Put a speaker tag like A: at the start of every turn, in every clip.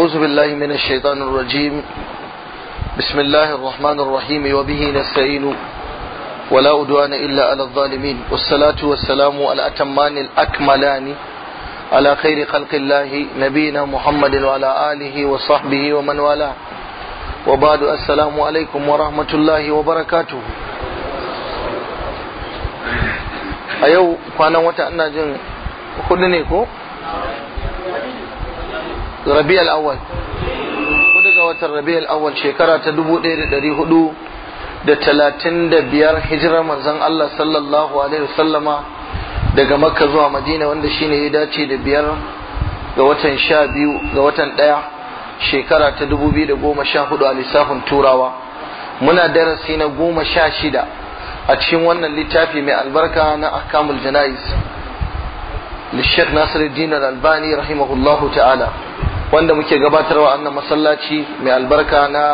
A: أعوذ بالله من الشيطان الرجيم بسم الله الرحمن الرحيم وبه نستعين ولا أدوان إلا على الظالمين والصلاة والسلام على أتمان الأكملان على خير خلق الله نبينا محمد وعلى آله وصحبه ومن والاه وبعد السلام عليكم ورحمة الله وبركاته أيو كان وتأنا جن خدني ko rabi'ul Awal, kudu ga watan rabi'ul Awal, shekara ta 1400 da talatin da biyar hijirar manzan Allah sallallahu alaihi wasallama daga makka zuwa madina wanda ne ya dace da biyar ga watan sha biyu ga watan ɗaya shekara ta dubu biyu da goma sha hudu a lissafin turawa muna darasi na goma sha shida a cikin wannan littafi mai albarka na akamul jana'iz lishek nasiruddin al-albani rahimahullahu ta'ala wanda muke gabatarwa annan masallaci mai albarka na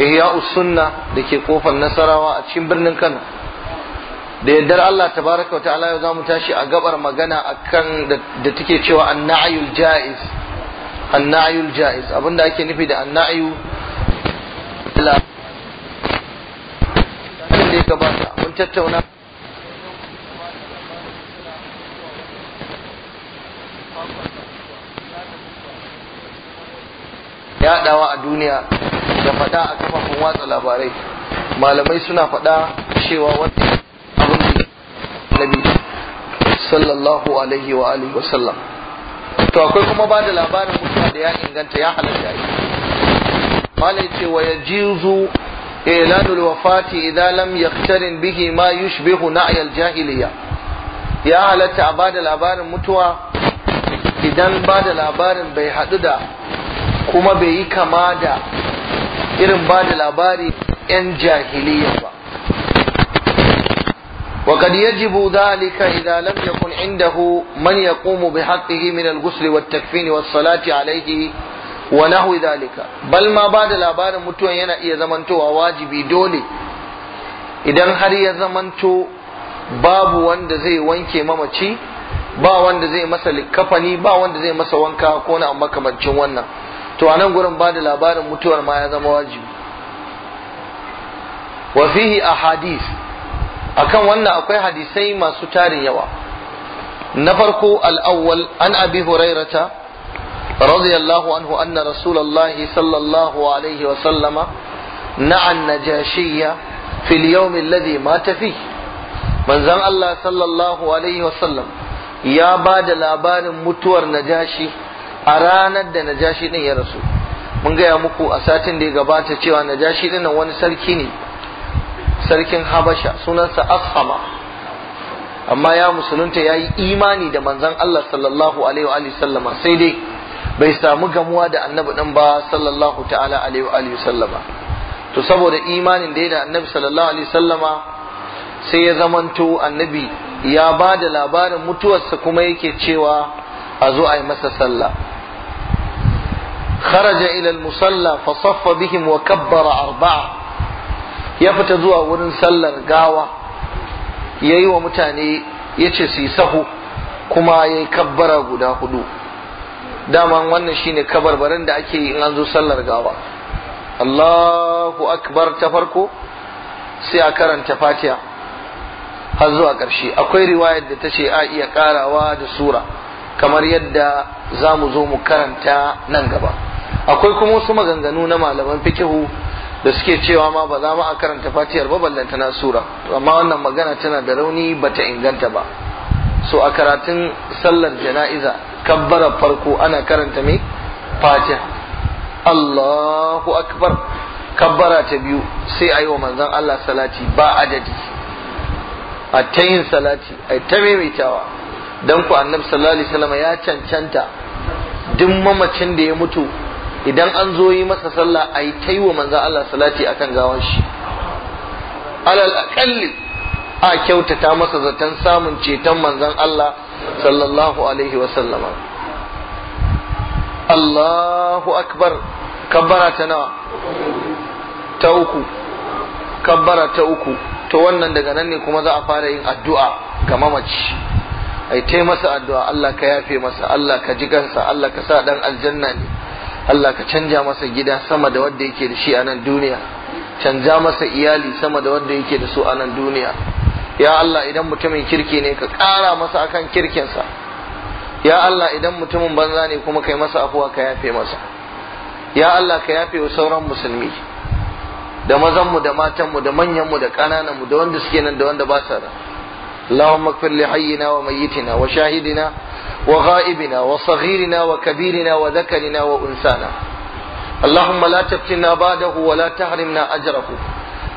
A: ihya'u sunna da ke kofar nasarawa a cikin birnin kano da yardar allah tabaraka wa ta'ala yau za mu tashi a gabar magana akan da take cewa annayul ja'iz annayul ja'iz abinda ake nufi da annayu da ya gabata mun tattauna Yaɗawa a duniya da faɗa a kafafen watsa labarai malamai suna faɗa cewa wani abin da nabi sallallahu alaihi wa wa sallam to akwai kuma ba da labarin mutuwa da ya inganta ya halatta yi malai ce wa yajizu ilanul wafati idan lam bihi ma na na'yal jahiliya ya halatta a ba da labarin mutuwa idan ba da labarin bai haɗu da kuma bai yi kama da irin ba da labari 'yan jahiliya ba وقد يجب ذلك إذا لم يكن عنده من يقوم wa من الغسل والتكفين والصلاة wa ونحو ذلك Balma ba da labarin mutum yana iya zamantowa wajibi dole idan har ya zamanto babu wanda zai wanke mamaci ba wanda zai masa likafani ba wanda zai masa wanka ko na makamancin wannan to anan gurin ba da labarin mutuwar ma ya zama wajibi wa fihi hadis, akan wannan akwai hadisai masu tarin yawa na farko al'awwal an abi hurairata radiyallahu anhu anna rasulullahi sallallahu alaihi wa sallama na'a najashiyya fil yawm alladhi mata fihi manzon Allah sallallahu alaihi wa sallam ya ba da labarin mutuwar najashi a ranar da najashi din ya rasu mun gaya muku a satin da ya gabata cewa najashi din wani sarki ne sarkin habasha sunansa ashama amma ya musulunta ya yi imani da manzan Allah sallallahu alaihi wa sallama sai dai bai samu gamuwa da annabi din ba sallallahu ta'ala alaihi wa sallama to saboda imanin da ya da annabi sallallahu alaihi sallama sai ya zamanto annabi ya ba da labarin mutuwarsa kuma yake cewa a zo a yi masa sallah kharaja ila al-musalla fa saffa wa kabbara arba'a ya fita zuwa wurin sallar gawa yayi wa mutane yace su yi sahu kuma yayi kabbara guda hudu dama wannan shine kabarbarin da ake yi in an zo sallar gawa Allahu akbar ta farko sai a karanta fatiha har zuwa ƙarshe akwai riwayar da ta ce a iya ƙarawa da sura kamar yadda za mu zo mu karanta nan gaba akwai kuma wasu maganganu na malaman fikihu da suke cewa ma ba za mu a karanta fatiyar ba ballanta na sura amma wannan magana tana da rauni ba ta inganta ba so a karatun sallar jana'iza kabbara farko ana karanta mai fatiha Allahu akbar kabbara ta biyu sai a yi wa manzon Allah salati ba adadi a ta yin salati a ta maimaitawa don ku annabi sallallahu alaihi ya cancanta duk mamacin da ya mutu idan an zo yi masa sallah a yi ta yi wa manzan Allah salati akan gawan shi alal akalli
B: a kyautata
A: masa zaton samun ceton manzan Allah sallallahu alaihi wasallama Allahu akbar kabbara ta nawa ta uku kabbara ta uku to wannan daga nan ne kuma za a fara yin addu'a ga mamaci ai ta masa addu'a Allah ka yafe masa Allah ka ji gansa Allah ka sa dan aljanna ne Allah ka canja masa gida sama da wanda yake da shi a nan duniya canja masa iyali sama da wanda yake da su a nan duniya ya Allah idan mutumin kirki ne ka ƙara masa akan kirkinsa ya Allah idan mutumin banza ne kuma kai masa afuwa ka yafe masa ya Allah ka yafe wa sauran musulmi da mazanmu da matanmu da manyanmu da mu da wanda suke nan da wanda ba sa da hayyina wa mayyitina wa shahidina. وغائبنا وصغيرنا وكبيرنا وذكرنا وأنثانا اللهم لا تفتنا بعده ولا تحرمنا أجره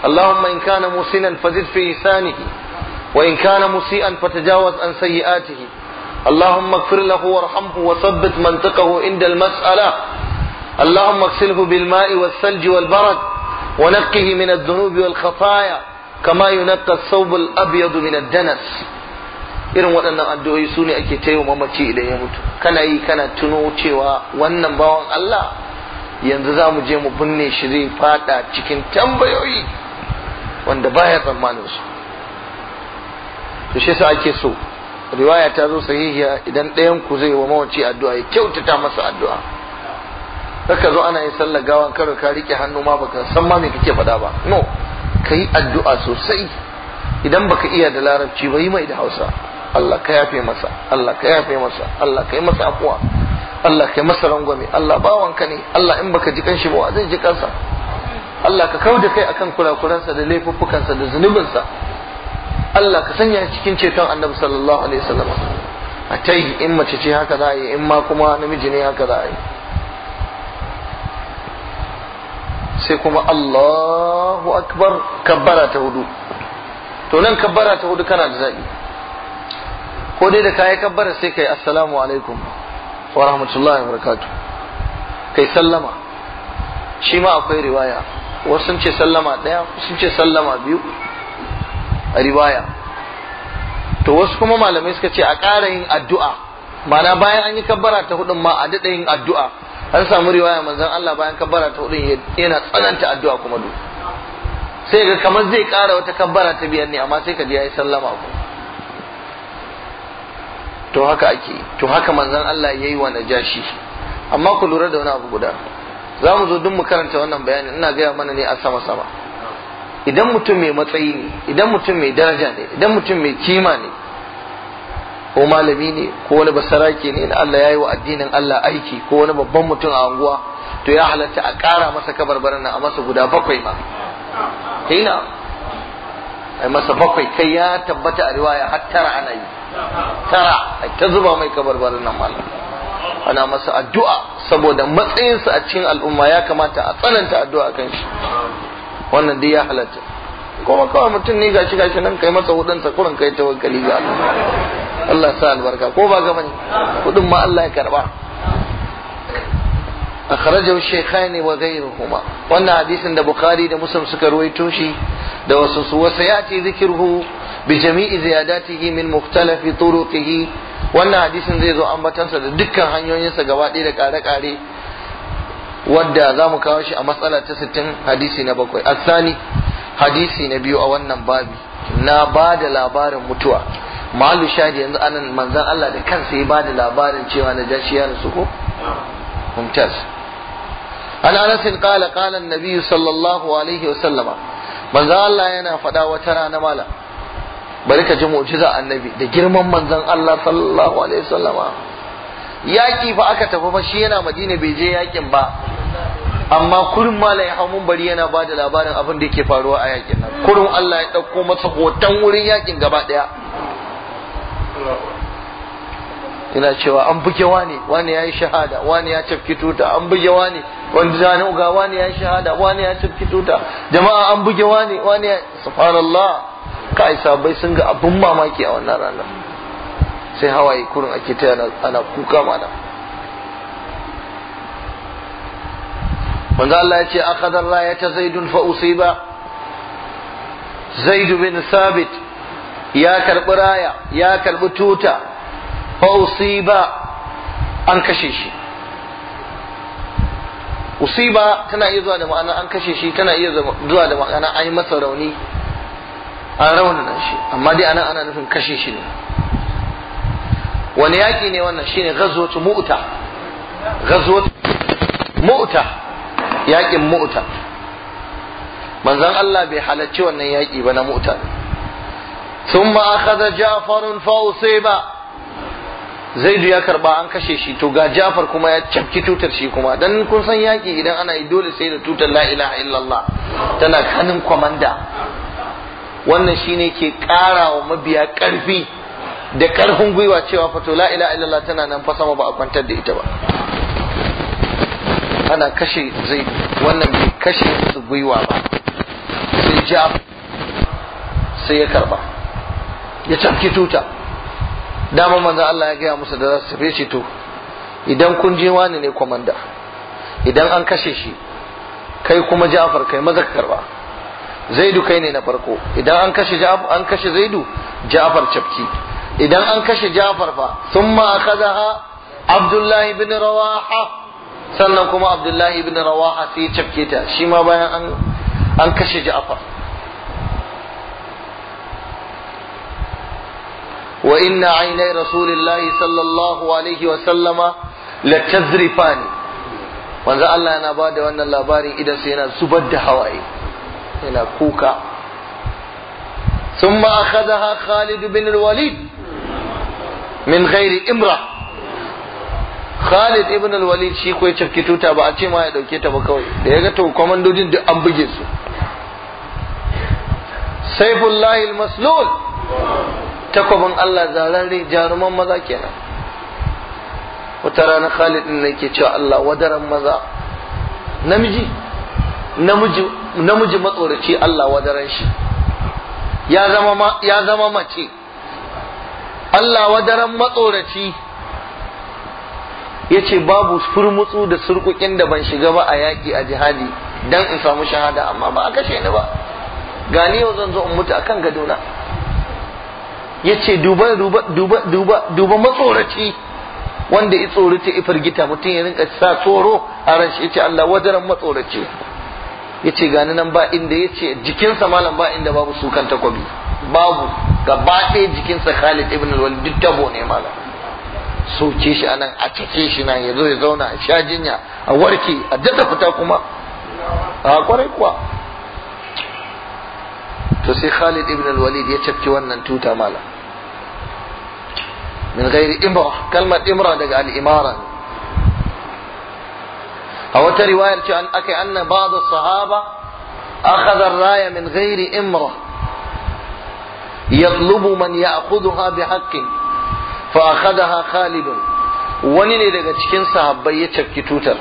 A: اللهم إن كان مسنا فزد في لسانه وإن كان مسيئا فتجاوز عن سيئاته اللهم اغفر له وارحمه وثبت منطقه عند المسألة اللهم اغسله بالماء والثلج والبرد ونقه من الذنوب والخطايا كما ينقى الثوب الأبيض من الدنس irin waɗannan addu'o'i su ne ake ta mamaci idan ya mutu kana yi kana tuno cewa wannan bawan Allah yanzu za mu je mu binne shi zai fada cikin tambayoyi wanda baya tsammanin su to shi ake so riwaya ta zo sahihiya idan ɗayan ku zai wa mamaci addu'a ya kyautata masa addu'a kaka zo ana yi sallar gawan karo ka rike hannu ma baka san ma me kake faɗa ba no ka yi addu'a sosai idan baka iya da larabci ba yi mai da hausa Allah ka yafe masa Allah ka yafe masa Allah ka yi masa afuwa Allah ka yi masa rangwame Allah bawanka ne Allah in baka ji kanshi ba zai ji kansa Allah ka kau da kai akan kurakuransa da laifuffukansa da zunubinsa Allah ka sanya cikin ceton annabi sallallahu alaihi wasallam a ta yi in mace ce haka za a yi in ma kuma namiji ne haka za a yi sai kuma Allahu akbar kabbara ta hudu to nan kabbara ta hudu kana da zaɓi ko dai da kayi kabbara sai kai assalamu alaikum wa rahmatullahi wa barakatuh kai sallama shi ma akwai riwaya wasu sun ce sallama ɗaya sun ce sallama biyu a riwaya to wasu kuma malamai suka ce a ƙara yin addu'a mana bayan an yi kabbara ta hudun ma a daɗa yin addu'a an samu riwaya manzon Allah bayan kabbara ta hudun yana tsananta addu'a kuma duk sai ga kamar zai ƙara wata kabbara ta biyar ne amma sai ka ji ya yi sallama kuma to haka ake to haka manzon Allah yayi wa najashi amma ku lura da wani abu guda za mu zo duk mu karanta wannan bayanin ina gaya mana ne a sama sama idan mutum mai matsayi ne idan mutum mai daraja ne idan mutum mai kima ne ko malami ne ko wani basaraki ne na Allah ya yi wa addinin Allah aiki ko wani babban mutum a anguwa to ya halatta a ƙara masa kabarbaran nan a masa guda bakwai ma hina ai masa bakwai kai ya tabbata a riwaya har tara ana yi tara ta zuba mai kabarbarin nan malam ana masa addu'a saboda matsayinsa a cikin al'umma ya kamata a tsananta addu'a kan shi wannan dai ya halatta kuma kawai mutum ne gashi gashi nan kai masa sa kurin kai tawakkali ga Allah Allah sa albarka ko ba ga bane hudun ma Allah ya karba akhrajahu shaykhain wa ghayruhuma wannan hadisin da bukhari da muslim suka ruwaito shi da wasu su wasa yati zikruhu bi jami'i ziyadatihi min mukhtalafi turuqihi wannan hadisin zai zo ambatansa da dukkan hanyoyinsa gaba ɗaya da ƙare-ƙare wadda za mu kawo shi a matsala ta sittin hadisi na bakwai asani hadisi na biyu a wannan babi na ba da labarin mutuwa malu shahidi yanzu anan manzan Allah da kansa ya ba labarin cewa na jashi ya rasu ko mumtaz an anas qala qala an sallallahu alaihi wa sallama manzan Allah yana faɗa wata rana malam. bari ka ji mu'jiza annabi da girman manzon Allah sallallahu alaihi wasallama yaki fa aka tafi fa shi yana Madina bai je yakin ba amma kurin mala ya hamun bari yana ba da labarin abin da yake faruwa a yakin nan kurin Allah ya ɗauko masa hoton wurin yakin gaba ɗaya ina cewa an buge wani wani ya yi shahada wani ya cafki tuta an buge wani wanda zane uga wani ya yi shahada wani ya cafki tuta jama'a an buge wani wani ya subhanallah kai sabai sun ga abun mamaki a wannan ranar sai hawaye kurin ake ta ana kuka mana manzo Allah ya ce akhadar ta zaidun fa usiba zaid bin sabit ya karbi raya ya karbi tuta fa usiba an kashe shi usiba tana iya zuwa da ma'ana an kashe shi tana iya zuwa da ma'ana an yi masa rauni an raunana shi amma dai anan ana nufin kashe shi ne wani yaƙi ne wannan shine ghazwatu mu'ta ghazwatu mu'ta yakin mu'ta manzon Allah bai halarci wannan yaki ba na mu'ta akhadha أخذ fa ba. zaidu ya karba an kashe shi to ga jafar kuma ya cafki tutar shi kuma dan kun san yaki idan ana yi dole sai da tutar la ilaha illallah
B: tana kanin
A: kwamanda wannan shine ke ƙara wa mabiya karfi da karfin gwiwa cewa fato la ila illallah tana nan fa sama ba a kwantar da ita ba ana kashe zai wannan bai kashe su gwiwa ba sai ja sai ya karba ya tafki tuta dama manzo Allah ya gaya musu da za su tafi to idan kun je wani ne kwamanda idan an kashe shi kai kuma Ja'far kai maza ka karba zaidu kai ne na farko idan an kashe an kashe zaidu ja'far cafki idan an kashe ja'far fa thumma akhadha abdullah ibn rawaha sannan kuma abdullah ibn rawaha sai cafke ta shi ma bayan an an kashe ja'far wa inna aynai rasulillahi sallallahu alaihi wa sallama la tazrifani manzo Allah yana ba da wannan labarin idan sai yana zubar da hawaye yana kuka ثم Khalid bin al-walid min ghairi imra Khalid ibn al-Walid shi ko ya tuta ba a ce ma ya dauke ta ba kawai da ya ga to komandojin duk an buge su Saifullahi al-Maslul takwabin Allah zararre jaruman maza kenan wata rana Khalid din ne ke cewa Allah wadaran maza namiji namiji matsoraci Allah wadaran shi ya zama mace Allah wadaran matsoraci ya ce babu furmutsu da surkukin da ban shiga ba a yaƙi a jihadi don in samu shahada amma ba a kashe ni ba gani yau zan zo in mutu akan gadona
B: ce duba
A: duba duba duba duba matsoraci wanda ya tsoro ta ifirgita mutum ya rinka sa tsoro a ran shi ce Allah wadaran matsoraci ya ce gani nan ba inda ya ce jikinsa malam ba inda babu sukan takobi babu gaba ɗaya jikinsa khalid ibn al-walid duk tabo ne malam soke shi anan a cike shi nan ya zo ya zauna a sha jinya a warke a daɗa fita kuma a kwarai kuwa to sai khalid ibn al-walid ya cafke wannan tuta malam min ghairi imra kalmar imra daga al-imara a wata riwayar ce akai anna ba'd as-sahaba akhadha ar-raya min ghairi imra yatlubu man ya'khudha bi haqqin fa ha Khalid wani ne daga cikin sahabbai ya cafki tutar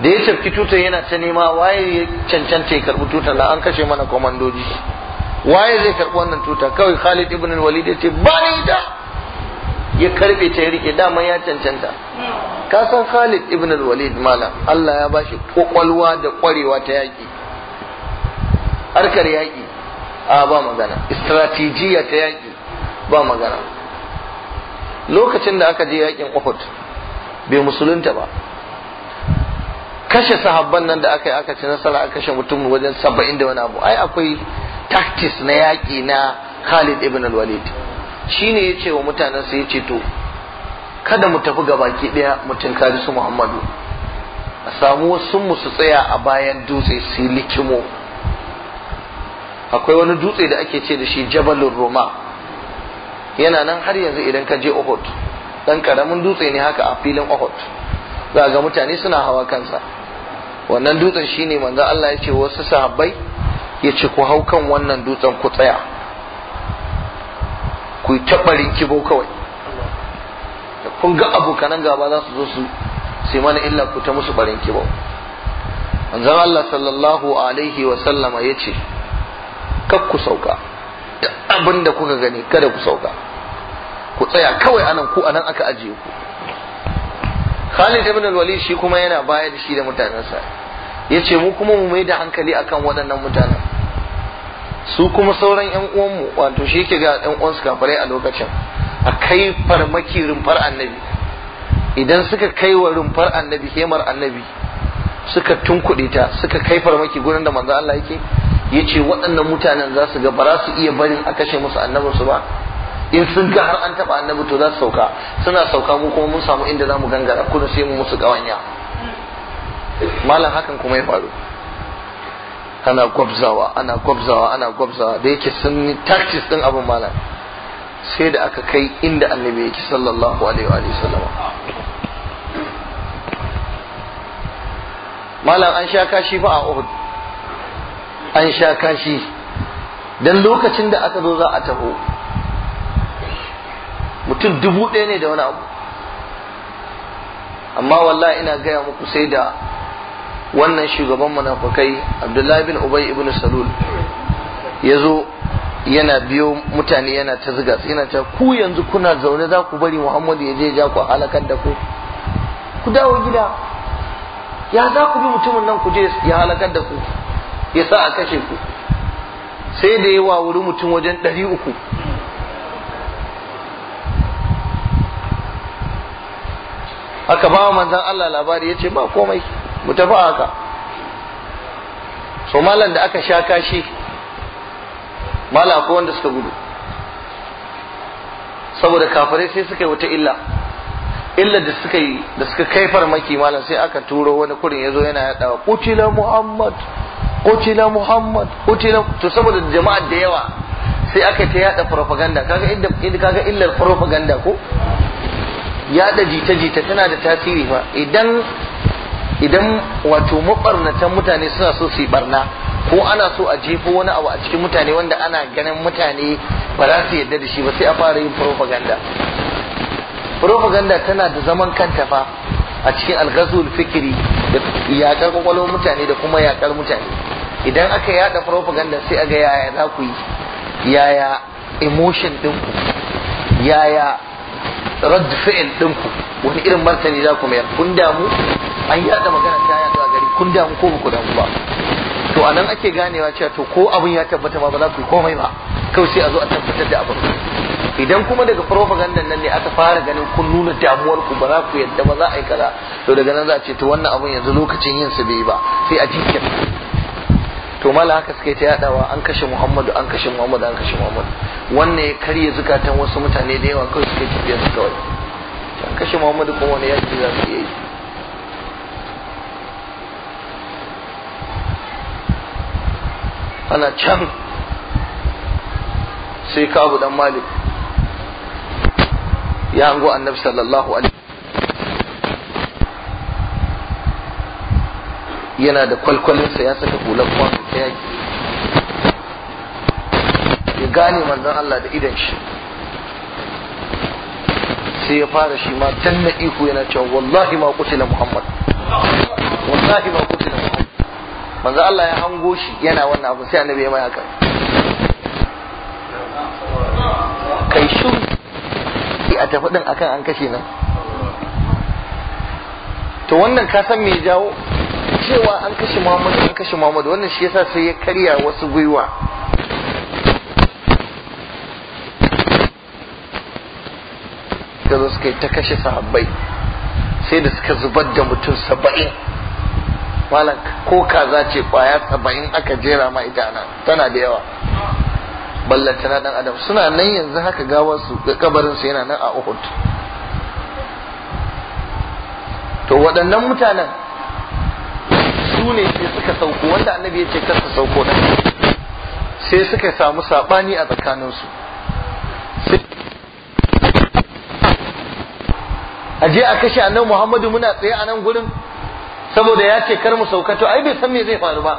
A: da ya cafki tutar yana ta nema waye ya cancanta ya karbi tutar la an kashe mana komandoji waye zai karbi wannan tutar? kawai Khalid ibn al-Walid ya ce ba ni ita ya karbe ta ya rike dama ya cancanta ka san Khalid ibn al-Walid malam Allah ya bashi kwakwalwa da kwarewa ta yaki harkar yaki a ba magana Istratijiyya ta yaki ba magana lokacin da aka je yakin Uhud bai musulunta ba kashe sahabban nan da aka yi aka ci nasara a kashe mutum wajen saba'in da wani abu ai akwai tactics na yaƙi na Khalid ibn al-Walid Shi shine yace wa mutanen sa yace to kada mu tafi gabaki daya mu kari su Muhammadu a samu wasu mu su tsaya a bayan dutse su likimo akwai wani dutse da ake ce da shi Jabalur Roma yana nan har yanzu idan ka je Uhud dan karamin dutse ne haka a filin Uhud za ga mutane suna hawa kansa wannan dutsen shi shine manzo Allah ya ce wasu sahabbai ya ce ku hau kan wannan dutsen ku tsaya ku yi taɓarin kibo kawai da kun ga abokanan gaba za su zo su sai mana illa ku ta musu barin kibo manzon Allah sallallahu alaihi wa sallama ya ce kak ku sauka duk abin da kuka gani kada ku sauka ku tsaya kawai anan ku anan aka ajiye ku Khalid ibn al-Walid shi kuma yana baya da shi da mutanensa yace mu kuma mu mai da hankali akan waɗannan mutanen su kuma sauran yan uwanmu wato shi yake ga yan uwansu kafirai a lokacin a kai farmaki rumfar annabi idan suka kai wa rumfar annabi hemar annabi suka tunkuɗe ta suka kai farmaki gurin da manzo Allah yake yace waɗannan mutanen za su ga ba za su iya barin a kashe musu su ba in sun ga har an taba annabi to za su sauka suna sauka mu kuma mun samu inda za mu gangara kuma sai mu musu ƙawanya malam hakan kuma ya faru ana gwabzawa ana gwabzawa ana gwabzawa da yake sun yi taktis din abin malam sai da aka kai inda annabi yake sallallahu alaihi wa sallama malam an sha kashi ba a Uhud an sha kashi dan lokacin da aka zo za a taho mutum dubu ɗaya ne da wani abu amma wallahi ina gaya muku sai da wannan shugaban munafukai abdullahi bin ubay ibn salul ya zo yana biyo mutane yana ta ziga yana ta ku yanzu kuna zaune za ku bari muhammadu ya je ja ku halakar da ku ku dawo gida ya za ku bi mutumin nan ku je ya halakar da ku ya sa a kashe ku sai da yawa wuri mutum wajen ɗari uku aka ba manzan Allah labari ya ce ba komai mu tafi a haka so malam da aka sha kashi malam ko wanda suka gudu saboda kafirai sai suka yi wata illa illa da suka yi da suka kai farmaki malam sai aka turo wani kurin ya zo yana wa kutila muhammad kutila muhammad kutila to saboda jama'a da yawa sai aka ta yada propaganda kaga inda kaga illar propaganda ko yada jita jita tana da tasiri fa idan idan wato mabarnatan mutane suna so su yi barna ko ana so a jefo wani abu a cikin mutane wanda ana ganin mutane ba za su yadda da shi ba sai a fara yin propaganda propaganda tana da zaman kanta fa a cikin alghazul fikiri da yakar kwakwalwar mutane da kuma yakar mutane idan aka yada propaganda sai a ga yaya za ku yi yaya emotion ɗinku yaya rad fi'il ɗinku wani irin martani za ku mayar kun damu an yi da magana ta yada a gari kun damu ko ku damu ba to anan ake ganewa cewa to ko abin ya tabbata ba ba za ku yi komai ba kawai sai a zo a tabbatar da abin idan kuma daga propaganda nan ne aka fara ganin kun nuna damuwar ku ba za ku yadda ba za a yi kaza to daga nan za a ce to wannan abun yanzu lokacin yin su bai ba sai a jike to mala haka suka ta yadawa an kashe Muhammadu an kashe Muhammadu an kashe Muhammadu wannan ya karye zukatan wasu mutane da yawa kawai suka tafiya su kawai an kashe Muhammadu kuma wani yaki za su yi ana can sai kabu dan malik ya hango annabi sallallahu alaihi yana da kwalkwalinsa ya saka hular kwano ta yaki ya gane manzon Allah da idan shi sai ya fara shi ma tanna ihu yana cewa wallahi ma kutila muhammad wallahi ma kutila muhammad manzo Allah ya hango shi yana wannan abu sai annabi ya mai haka kai shiru a tafi din akan an kashe nan to wannan ka san me jawo cewa an kashe Muhammad, an kashe Muhammad, wannan shi yasa sai ya karya wasu gwiwa suka suka yi ta kashe sahabbai sai da suka zubar da mutum saba'in malam ko kaza ce kwaya saba'in aka jera ma ita nan tana da yawa na dan adam suna nan yanzu haka gawar su kabarin su yana nan a Uhud to waɗannan mutanen su ne sai suka sauko wanda annabi ya ce kar su sauko da sai suka samu sabani a tsakaninsu a aje a kashe annabi Muhammadu muna tsaye a nan gurin
B: saboda ya ce kar
A: mu sauka to ai bai san me zai faru ba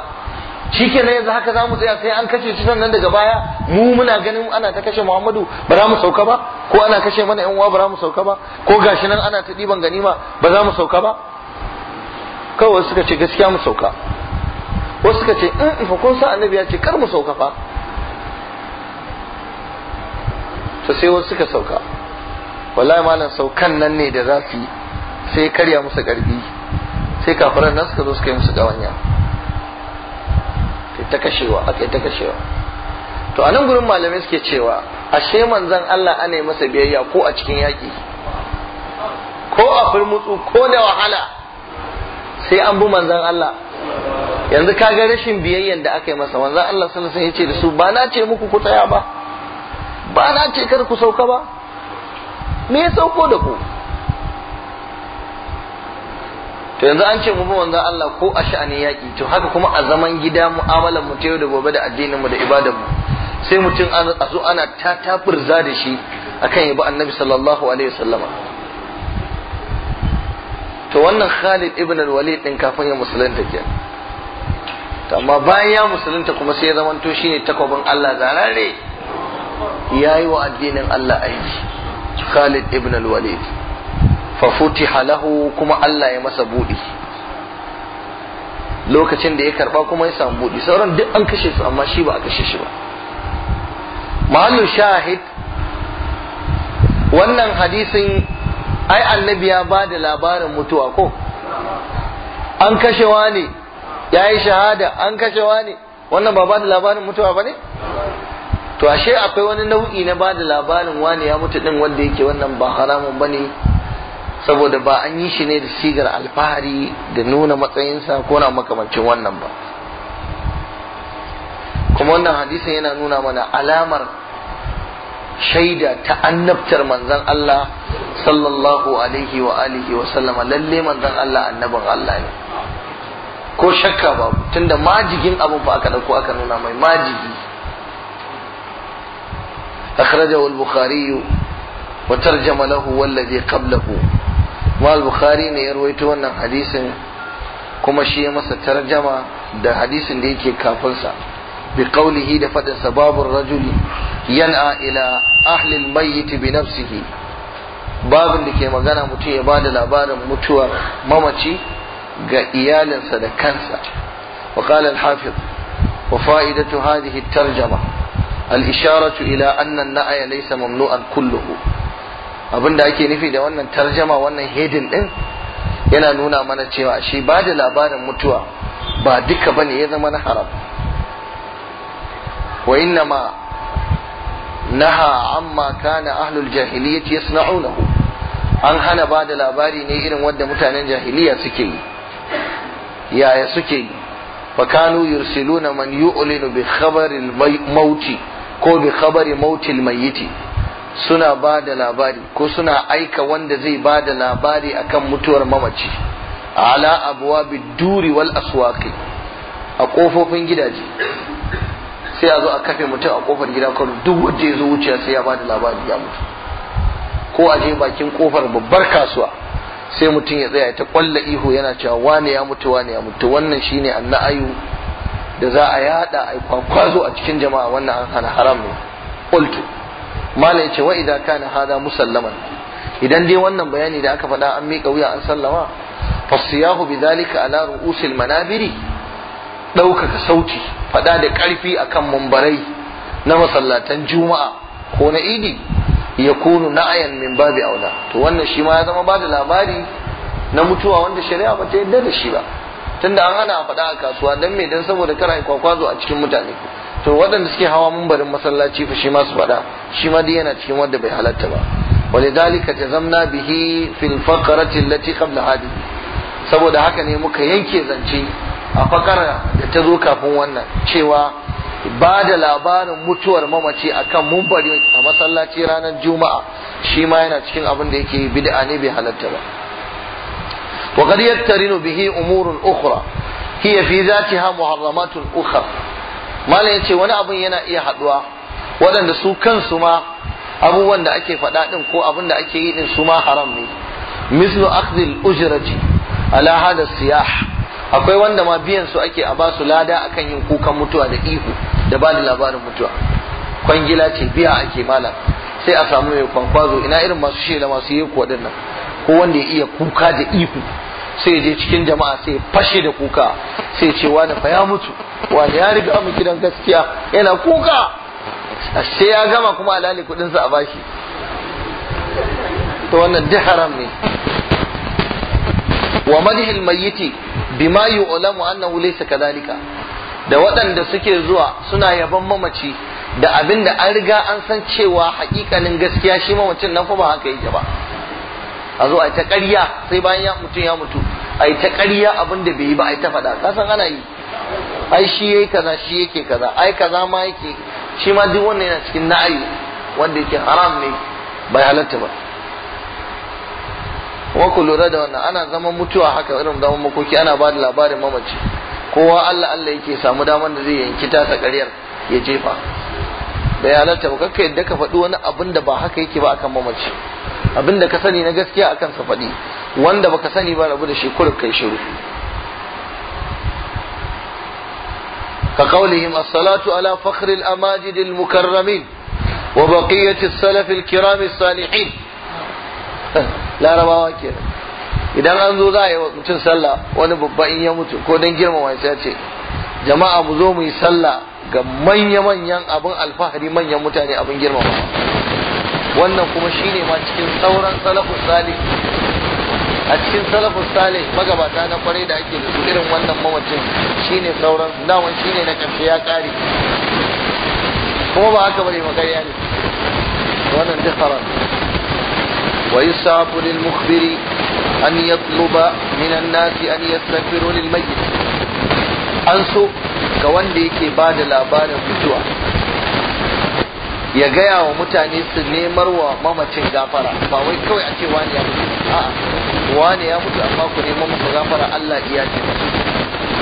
A: shi shikenan yanzu haka mu tsaya sai an kashe shi sannan daga baya mu muna ganin ana ta kashe Muhammadu ba za mu sauka ba ko ana kashe mana yan uwa ba za mu sauka ba ko gashi nan ana ta diban ganima ba za mu sauka ba kawai suka ce gaskiya mu sauka wasu suka ce in mm, mm, fa kun sa annabi ya ce kar mu sauka fa to sai wasu suka sauka wallahi malam saukan nan ne da za su sai karya musu karbi sai kafaran nan suka zo suka yi musu gawanya ta kashewa aka ta kashewa to a nan gurin malamai suke cewa ashe manzon Allah ana masa biyayya ko a cikin yaki, ko a firmutsu ko da wahala sai an bi manzon Allah yanzu ka ga rashin biyayyan da aka yi masa manzon Allah sallallahu alaihi wasallam ya ce da su ba na ce muku ku tsaya ba ba na ce kar ku sauka ba me ya sauko da ku to yanzu an ce mu bi manzon Allah ko a sha'anin yaƙi to haka kuma a zaman gida mu'amalar mu ta yau da gobe da addinin mu da ibadar mu sai mutum a zo ana ta tafurza da shi akan yabi annabi sallallahu alaihi wasallama to wannan Khalid ibn al-Walid din kafin ya musulunta ke to amma bayan ya musulunta kuma sai ya zamanto shine takwabin Allah zarare yayi wa addinin Allah aiki Khalid ibn al-Walid futi halahu kuma Allah ya masa budi, lokacin da ya karba kuma ya samu budi sauran duk an kashe su amma shi ba a kashe shi ba mahallu shahid wannan hadisin ai annabi ya ba da labarin mutuwa ko an kashe ne ya yi shahada an kashe ne wannan ba ba da labarin mutuwa ba ne to ashe akwai wani nau'i na ba da labarin wani ya mutu din wanda yake wannan ba haramun ba ne saboda ba an yi shi ne da sigar alfahari da nuna matsayinsa ko na makamancin wannan ba kuma wannan hadisin yana nuna mana alamar shaida ta annabtar manzan Allah sallallahu alaihi wa alihi wa sallama lalle manzon Allah annabin Allah ne
B: ko shakka ba
A: tunda majigin abin ba aka dauko aka nuna mai majigi akhrajahu al-bukhari wa tarjama lahu qablahu mal bukhari ne ya rawaito wannan hadisin kuma shi ya masa tarjama da hadisin da yake kafinsa bi qawlihi da fadin sababur rajuli yan'a ila ahli almayyit bi nafsihi babin da ke magana mutum ya bada labarin mutuwar mamaci ga iyalinsa da kansa wa qala al-hafiz wa fa'idatu hadhihi at-tarjama al-isharatu ila anna an-na'ya laysa mamnu'an kulluhu abinda ake nufi da wannan tarjama wannan hedin din yana nuna mana cewa shi ba da labarin mutuwa ba duka bane ya zama na haram wa innama naha amma kana ahlul jahiliyyati yasna'unahu an hana ba da labari ne irin wadda mutanen jahiliya suke yi yaya suke yi fakanu yursiluna man yu'linu bi khabari mauti ko bi khabari mautil mayyiti suna ba da labari ko suna aika wanda zai ba da labari akan mutuwar mamaci ala abuwa duri wal aswaqi a kofofin gidaje sai a zo a kafe mutum a kofar gida kan duk wanda ya zo wuciya sai ya ba da labari ya mutu ko a je bakin kofar babbar kasuwa sai mutum ya tsaya ta kwalla ihu yana cewa wane ya mutu wane ya mutu wannan shine anna'ayu da za a yada a kwakwazo a cikin jama'a wannan an hana haram ne qultu malai ce wa idza kana hada musallaman idan dai wannan bayani da aka faɗa an miƙa wuya an sallama fasiyahu bidhalika ala ru'usil manabiri ɗaukaka sauti faɗa da ƙarfi akan mumbarai na masallatan juma'a ko na idi ya kunu na'ayan min babi aula to wannan shi ma ya zama ba da labari na mutuwa wanda shari'a ba ta yarda da shi ba tunda an hana a faɗa a kasuwa dan me dan saboda kar kwakwazo a cikin mutane to waɗanda suke hawa mumbarin masallaci fa shi ma su faɗa shi ma yana cikin wanda bai halatta ba ولذلك جزمنا bihi fil الفقرة التي qabla hadi saboda haka ne muka yanke zance a fakara da ta zo kafin wannan cewa ba da labarin mutuwar mamaci akan mumbari a masallaci ranar juma'a shi ma yana cikin abin da yake bid'a ne bai halatta ba wa qad yaktarinu bihi umurun ukhra hiya fi zatiha muharramatun ukhra malam ya ce wani abun yana iya haɗuwa waɗanda su kansu ma abubuwan da ake faɗa ɗin ko abun da ake yi ɗin su ma haram ne mislu akhdhil ujrati ala hada siyah akwai wanda ma biyan su ake a ba su lada akan yin kukan mutuwa da ihu da ba da labarin mutuwa kwangila ce biya ake malam sai a samu mai kwankwazo ina irin masu shela masu yi waɗannan ko wanda ya iya kuka da ihu sai je cikin jama'a sai fashe da kuka sai ce wani fa ya mutu wani ya riga mu gidan gaskiya yana kuka sai ya gama kuma alali kudin sa a bashi to wannan duk haram ne wa madhil mayyiti bima yu'lamu annahu laysa kadhalika da waɗanda suke zuwa suna yaban mamaci da abinda an riga an san cewa haƙiƙanin gaskiya shi mamacin nan kuma ba haka yake ba a zo a ta ƙarya sai bayan ya mutum ya mutu a yi ta ƙarya abin da bai yi ba a yi ta faɗa kasan ana yi ai shi yayi kaza shi yake kaza ai kaza ma yake shi ma duk wannan yana cikin na'ayi wanda yake haram ne bai halatta ba wa ku lura da wannan ana zaman mutuwa haka irin zaman makoki ana ba da labarin mamaci kowa Allah Allah yake samu damar da zai yanki ta ƙaryar ya jefa bai halatta ba kakka yadda ka faɗi wani abin da ba haka yake ba akan mamaci abinda ka sani na gaskiya akan sa faɗi wanda baka sani ba rabu da shi kurk kai shiru ka kaulihim as-salatu ala fakhril amajid al-mukarramin wa baqiyat as-salaf al-kiram as-salihin larabawa kenan idan an zo za a yi wa mutum sallah wani babba in ya mutu ko dan girmama sai ce jama'a mu zo mu yi sallah ga manya-manyan abin alfahari manyan mutane abin girmama wannan kuma shine ma cikin sauran salafus salih a cikin salafus salih magabata na kwarai da ake da su irin wannan mawacin shine sauran dawan shine na karshe ya ƙare. kuma ba haka bane magariya ne wannan duk haram wa yusafu lil mukhbiri an yatluba min an-nas an yastaghfiru lil mayyit an so ga wanda yake ba da labarin mutuwa ya gaya wa mutane su nemar wa mamacin gafara ba wai kawai a ce wani ya mutu a'a wani ya mutu amma ku neman masa gafara Allah iya ce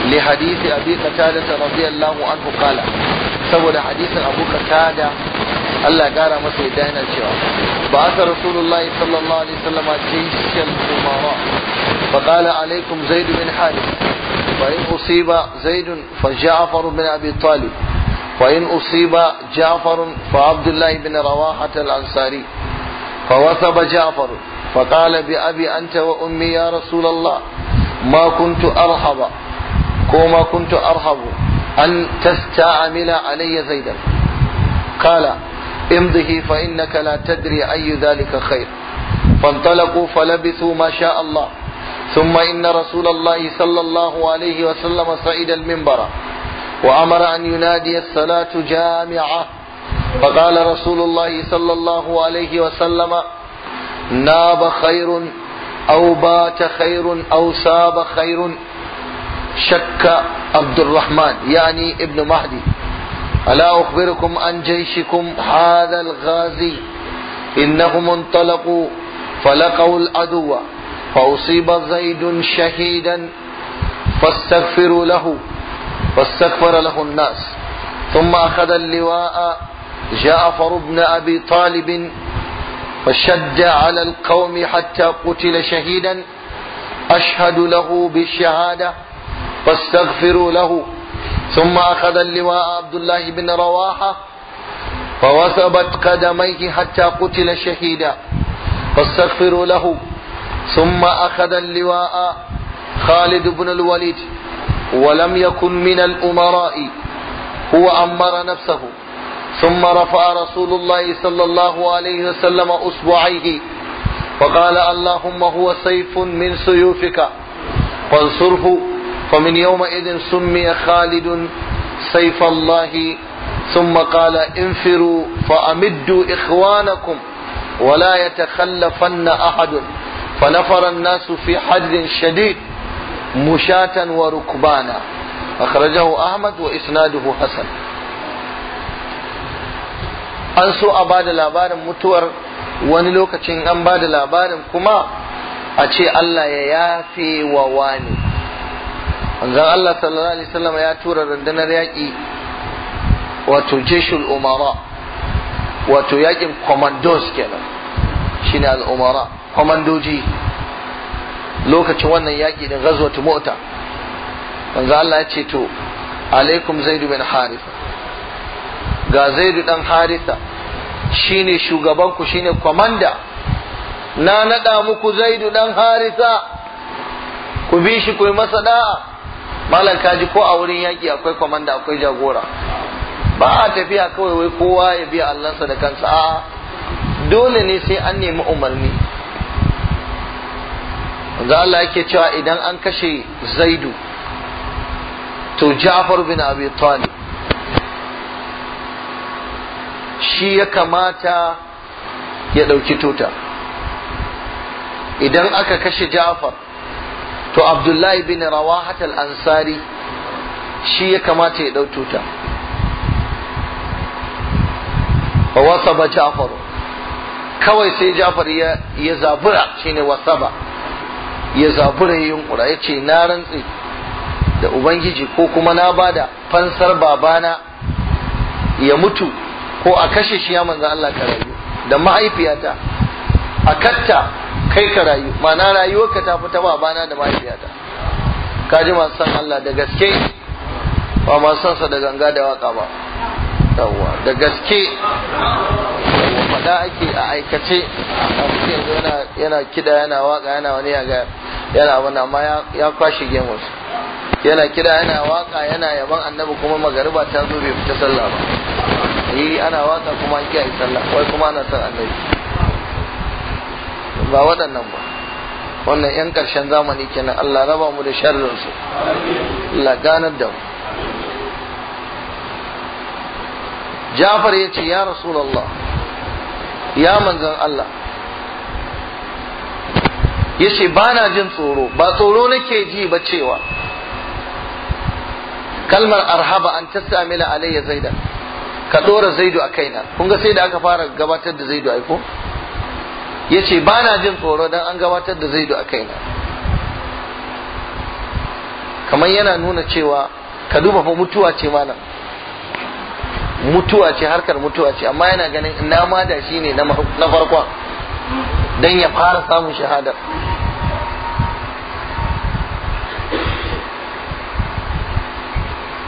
A: li hadisi abi qatada radiyallahu anhu qala saboda hadisin abu qatada Allah gara masa yadda yana cewa ba aka rasulullahi sallallahu alaihi wasallam jishan kumara fa qala alaikum zaid bin haris fa in usiba zaid fa ja'far bin abi talib فإن أصيب جعفر فعبد الله بن رواحة الأنصاري فوثب جعفر فقال بأبي أنت وأمي يا رسول الله ما كنت أرحب كما كنت أرحب أن تستعمل علي زيدا قال امضه فإنك لا تدري أي ذلك خير فانطلقوا فلبثوا ما شاء الله ثم إن رسول الله صلى الله عليه وسلم صعد المنبر وأمر أن ينادي الصلاة جامعة فقال رسول الله صلى الله عليه وسلم ناب خير أو بات خير أو ساب خير شك عبد الرحمن يعني ابن مهدي ألا أخبركم عن جيشكم هذا الغازي إنهم انطلقوا فلقوا العدو فأصيب زيد شهيدا فاستغفروا له
B: فاستكبر
A: له الناس ثم أخذ اللواء جعفر بن أبي طالب فشد على القوم حتى قتل شهيدا أشهد له بالشهادة فاستغفروا له ثم أخذ اللواء عبد الله بن رواحة فوثبت قدميه حتى قتل شهيدا فاستغفروا له ثم أخذ اللواء خالد بن الوليد ولم يكن من الأمراء هو أمر نفسه ثم رفع رسول الله صلى الله عليه وسلم أصبعيه وقال اللهم هو سيف من سيوفك فانصره فمن يومئذ سمي خالد سيف الله ثم قال انفروا فأمدوا إخوانكم ولا يتخلفن أحد فنفر الناس في حد شديد mushatan wa rukbana akhrajahu ahmad wa isnaduhu Hassan an so a ba da labarin mutuwar wani lokacin an ba da labarin kuma a ce Allah ya yafe wa wani wanzan Allah sallallahu ya tura randanar yaƙi wato jeshul umara wato yaƙin commandos kenan shine al umara commandoji lokacin wannan yaƙi din ghazwatu mu'ta manzo Allah ya ce to alaikum zaidu bin haritha ga zaidu dan haritha shine shugaban ku shine komanda na naɗa muku zaidu dan haritha ku bi shi ku masa da'a malam kaji ko a wurin yaƙi akwai komanda akwai jagora ba a tafiya kawai wai kowa ya biya allansa da kansa a'a dole ne sai an nemi umarni manzo Allah yake cewa idan an kashe zaidu to Ja'far bin Abi Talib shi ya kamata ya ɗauki tuta idan aka kashe Ja'far to Abdullahi bin Rawahat al-Ansari shi ya kamata ya ɗauki tuta wasaba Ja'far kawai sai Ja'far ya zabura shine wasaba ya zabura ya yunkura ya ce na rantse da ubangiji ko kuma na bada fansar babana ya mutu ko a kashe shi ya manza Allah ka rayu da mahaifiyata a katta kai ka rayu ma'ana tafi ta babana da mahaifiyata ka ji masu san Allah da gaske ba masu san sa da ganga da waka ba da gaske faɗa ake a aikace a yanzu yana kiɗa yana waka yana wani ya gaya yana wani amma ya kwashe gemus yana kira yana waka yana yaban annabi kuma magariba ta zo bai fita sallah ba yi ana waka kuma an kiyaye sallah wai kuma ana son annabi ba waɗannan ba wannan yan ƙarshen zamani kenan Allah raba mu da sharrin su da mu Jafar ya ce ya Rasulullah ya manzon Allah yace ba na jin tsoro ba tsoro nake ji ba cewa kalmar arhaba an tasamila alayya zaida ka dora zaidu a kaina kun ga sai da aka fara gabatar da zaidu aiko yace ba na jin tsoro dan an gabatar da zaidu a kaina kamar yana nuna cewa ka duba fa mutuwa ce malam mutuwa ce harkar mutuwa ce amma yana ganin ina ma da shi ne na farkon don ya fara samun shahadar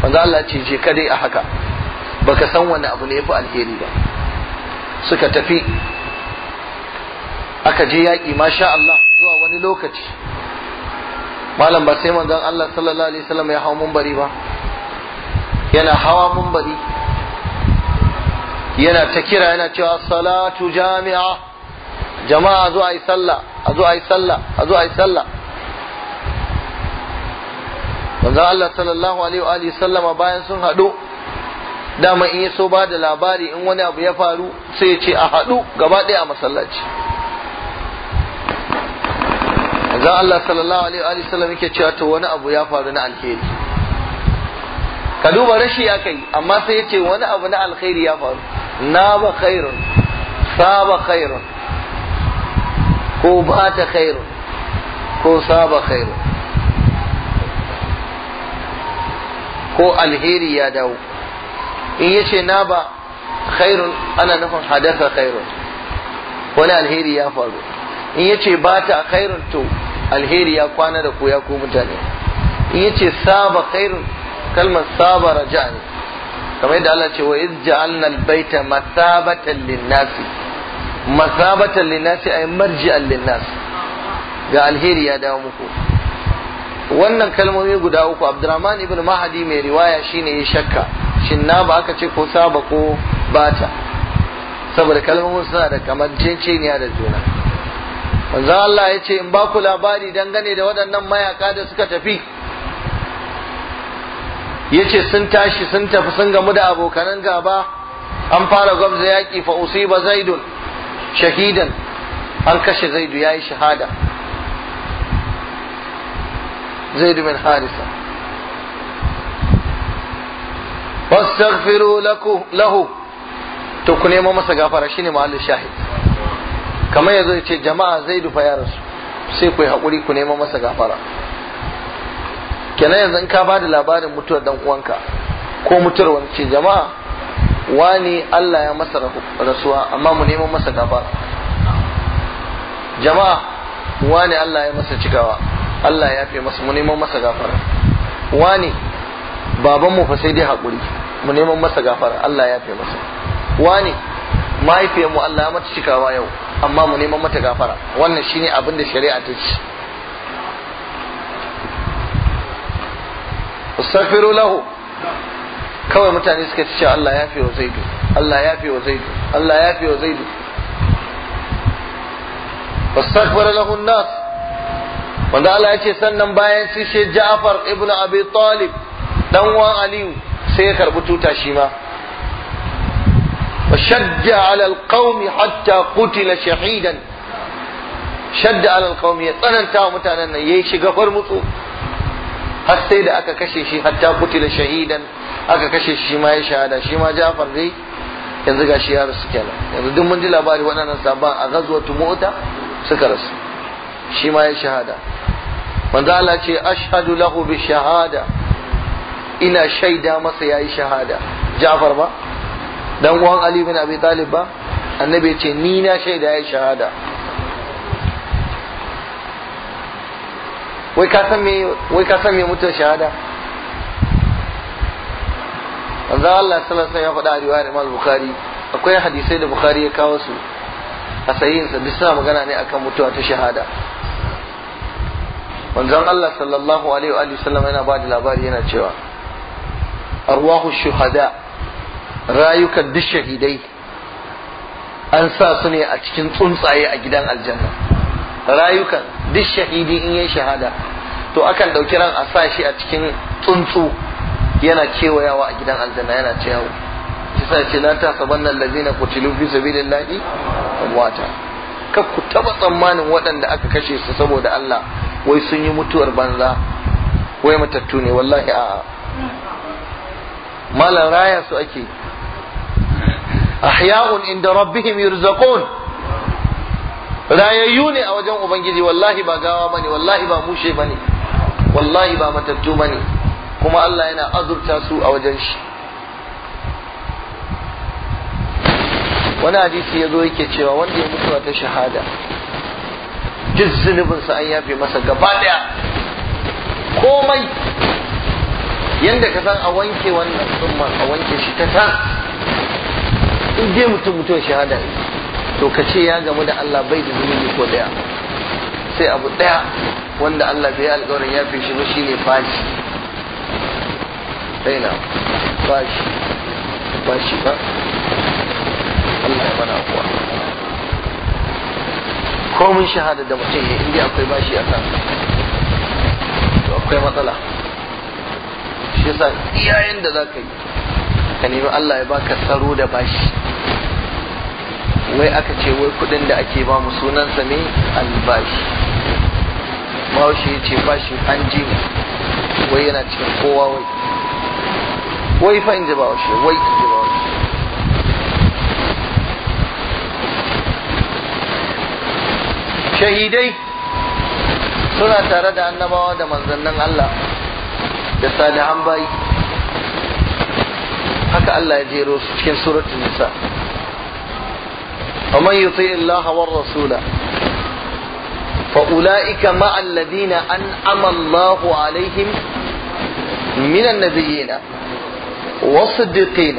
A: manzo Allah ce kadai a haka baka san wani abu ne ya fi alheri ba suka tafi aka je yaƙi masha Allah zuwa wani lokaci malam ba sai manzon Allah sallallahu alaihi wasallam ya hawa munbari ba yana hawa munbari yana ta kira yana cewa salatu jami'a jama'a zo a yi sallah a zo a yi sallah a zo a yi sallah manzon Allah sallallahu alaihi wa sallama bayan sun haɗu dama in ya so ba da labari in wani abu ya faru sai ya ce a haɗu gaba ɗaya a masallaci manzon Allah sallallahu alaihi wa sallam yake cewa to wani abu ya faru na alheri ka duba rashi ya kai amma sai ya ce wani abu na alkhairi ya faru na ba khairun ba khairun ko ba ta khairu ko saba khairu ko alheri ya dawo in ya ce na ba khairun ana nufin hadasa khairun wani alheri ya faru in ya ce ba ta khairun to alheri ya kwana da ku ya ku mutane in ya ce saba khairun kalmar saba raja ne kamar yadda Allah ce wa iz ja'alna al-baita masabatan lin-nasi masabatan linnasi ay marji'an linnas ga alheri ya dawo muku wannan kalmomi guda uku abdurrahman ibn mahadi mai riwaya shine ya shakka shin na ba aka ce ko saba ko bata saboda kalmomin suna da kamar cenceniya da juna manzo Allah ya ce in ba ku labari dangane da waɗannan mayaka da suka tafi ya ce sun tashi sun tafi sun gamu da abokanan gaba an fara gwamza yaƙi fa usiba zaidun
B: shahidan an kashe
A: zaidu ya yi shahada zaidu min harisa wastaghfiru lahu to ku nemo masa gafara shine mahallin shahid kamar yazo yace ce jama'a zaidu fa ya rasu sai ku yi hakuri ku nemo masa gafara kenan yanzu in ka ba da labarin mutuwar dan uwanka ko mutuwar wani ce jama'a wani Allah ya masa rasuwa amma mu neman masa gaba jama'a wani Allah ya masa cikawa Allah ya fi masa mu neman masa gafara wani baban mu fa sai dai hakuri mu neman masa gafara Allah ya fi masa wani mahaifiyarmu mu Allah ya mata cikawa yau amma mu neman mata gafara wannan shine abin da shari'a ta ce استغفروا له kawai mutane suka ce Allah ya fi wa zaidu Allah ya fi wa zaidu Allah ya fi wa zaidu wastakbara lahu nas wanda Allah ya ce sannan bayan sai shi Ja'far ibn Abi Talib dan uwan Aliyu sai ya karbi tuta shi ma وشجع على shahidan. Shadda قتل شهيدا ya على القوم يتننتا ومتانا يشي shiga مصو har sai da aka kashe shi hatta kutila shahidan aka kashe shi ma ya shahada shi ma Ja'far dai yanzu gashi ya rasu kenan yanzu duk mun ji labari waɗannan sabon a ghazwatu mu'ta suka rasu shi ma ya shahada manzo Allah ce ashhadu lahu bi shahada ina shaida masa yayi shahada Ja'far ba dan uwan Ali bin Abi Talib ba annabi ce ni na shaida yayi shahada wai ka san me wai ka san me mutum shahada manzo Allah sallallahu alaihi ya faɗa a riwayar Imam Bukhari akwai hadisai da Bukhari ya kawo su a sahihin sa bisa magana ne akan mutuwa ta shahada manzon Allah sallallahu alaihi wa sallam yana ba da labari yana cewa arwahu shuhada rayukan duk shahidai an sa su ne a cikin tsuntsaye a gidan aljanna rayukan duk shahidi in yi shahada to akan ɗauki ran a sa shi a cikin tsuntsu yana kewayawa a gidan aljanna yana ciyawo kisa ce na ta saban nan lazina kutilu fi sabilillahi wata. ka ku taba tsammanin waɗanda aka kashe su saboda Allah wai sun yi mutuwar banza wai matattu ne wallahi a malan raya su ake ahya'un inda rabbihim yurzaqun rayayyu ne a wajen ubangiji wallahi ba gawa bane wallahi ba mushe bane wallahi ba matattu bane kuma Allah yana azurta su a wajen shi wani hadisi ya zo yake cewa wanda ya mutuwa ta shahada duk zunubinsa an yafe masa gaba daya komai yadda ka san a wanke wannan tsumman a wanke shi ta tas in dai mutum mutuwa shahada to ka ce ya gamu da Allah bai da zunubi ko daya sai abu daya wanda Allah bai alƙawarin yafe shi ba shine fashi daina ba shi ba shi ba Allah ya mana kuwa komin shahada da mutum ya inda akwai bashi a kan to akwai matsala shi yasa iyayen da za ka yi ka nemi Allah ya baka tsaro da bashi wai aka ce wai kudin da ake ba mu sa ne albashi shi ya ce bashi an ji wai yana cikin kowa wai وی فایند باشه وی فایند باشه شهیدی سنا تره ده انبا ده منزنن الله ده صالح انبای حتى الله يجيرو سكين سورة النساء ومن يطيع الله والرسول فأولئك مع الذين أنعم الله عليهم من النبيين والصديقين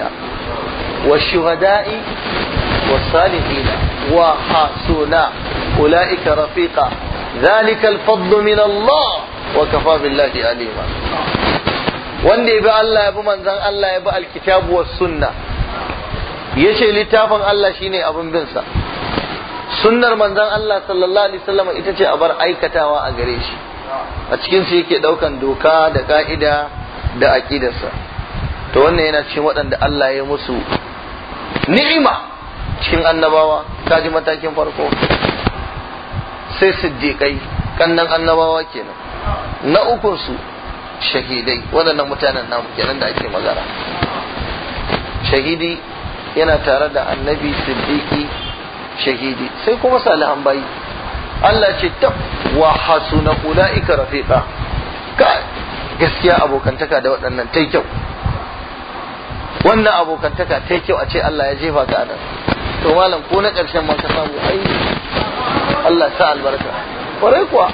A: والشهداء والصالحين وحسن أولئك رفيقا ذلك الفضل من الله وكفى بالله عليما wanda ya bi Allah ya bi manzan Allah ya bi alkitabu wa sunna ya ce littafin Allah shine abin binsa sunnar manzan Allah sallallahu alaihi wasallam ita ce a bar aikatawa a gare shi a cikin su yake daukan doka da ka'ida da aqidarsa to wannan yana cikin waɗanda Allah ya musu ni'ima cikin annabawa ta ji matakin farko sai siddiƙai kannan annabawa kenan na ukunsu shahidai waɗannan mutanen namu kenan da ake magana shahidi yana tare da annabi siddiƙi shahidi sai kuma salihan bayi Allah ce ta, wa hasuna ula'ika rafiqa ka gaskiya abokantaka da waɗannan ta kyau wannan abokantaka ta yi kyau a ce Allah ya jefa ka anan to malam ko na ƙarshen ma ka samu ai Allah sa albarka kwarai kuwa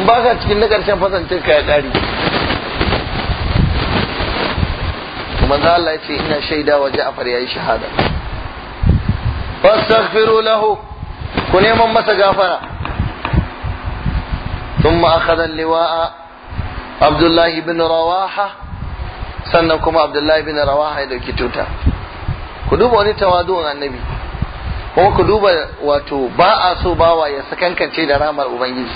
A: in ba ka cikin na ƙarshen fasancin ka ya ƙari manzo Allah ya ce ina shaida wa Ja'far yayi shahada fastaghfiru lahu ku neman masa gafara ثم أخذ اللواء عبد الله بن رواحه sannan kuma abdullahi bin rawaha ya dauki tuta ku duba wani tawadu'un annabi kuma ku duba wato ba a so bawa ya sakankance da ramar ubangiji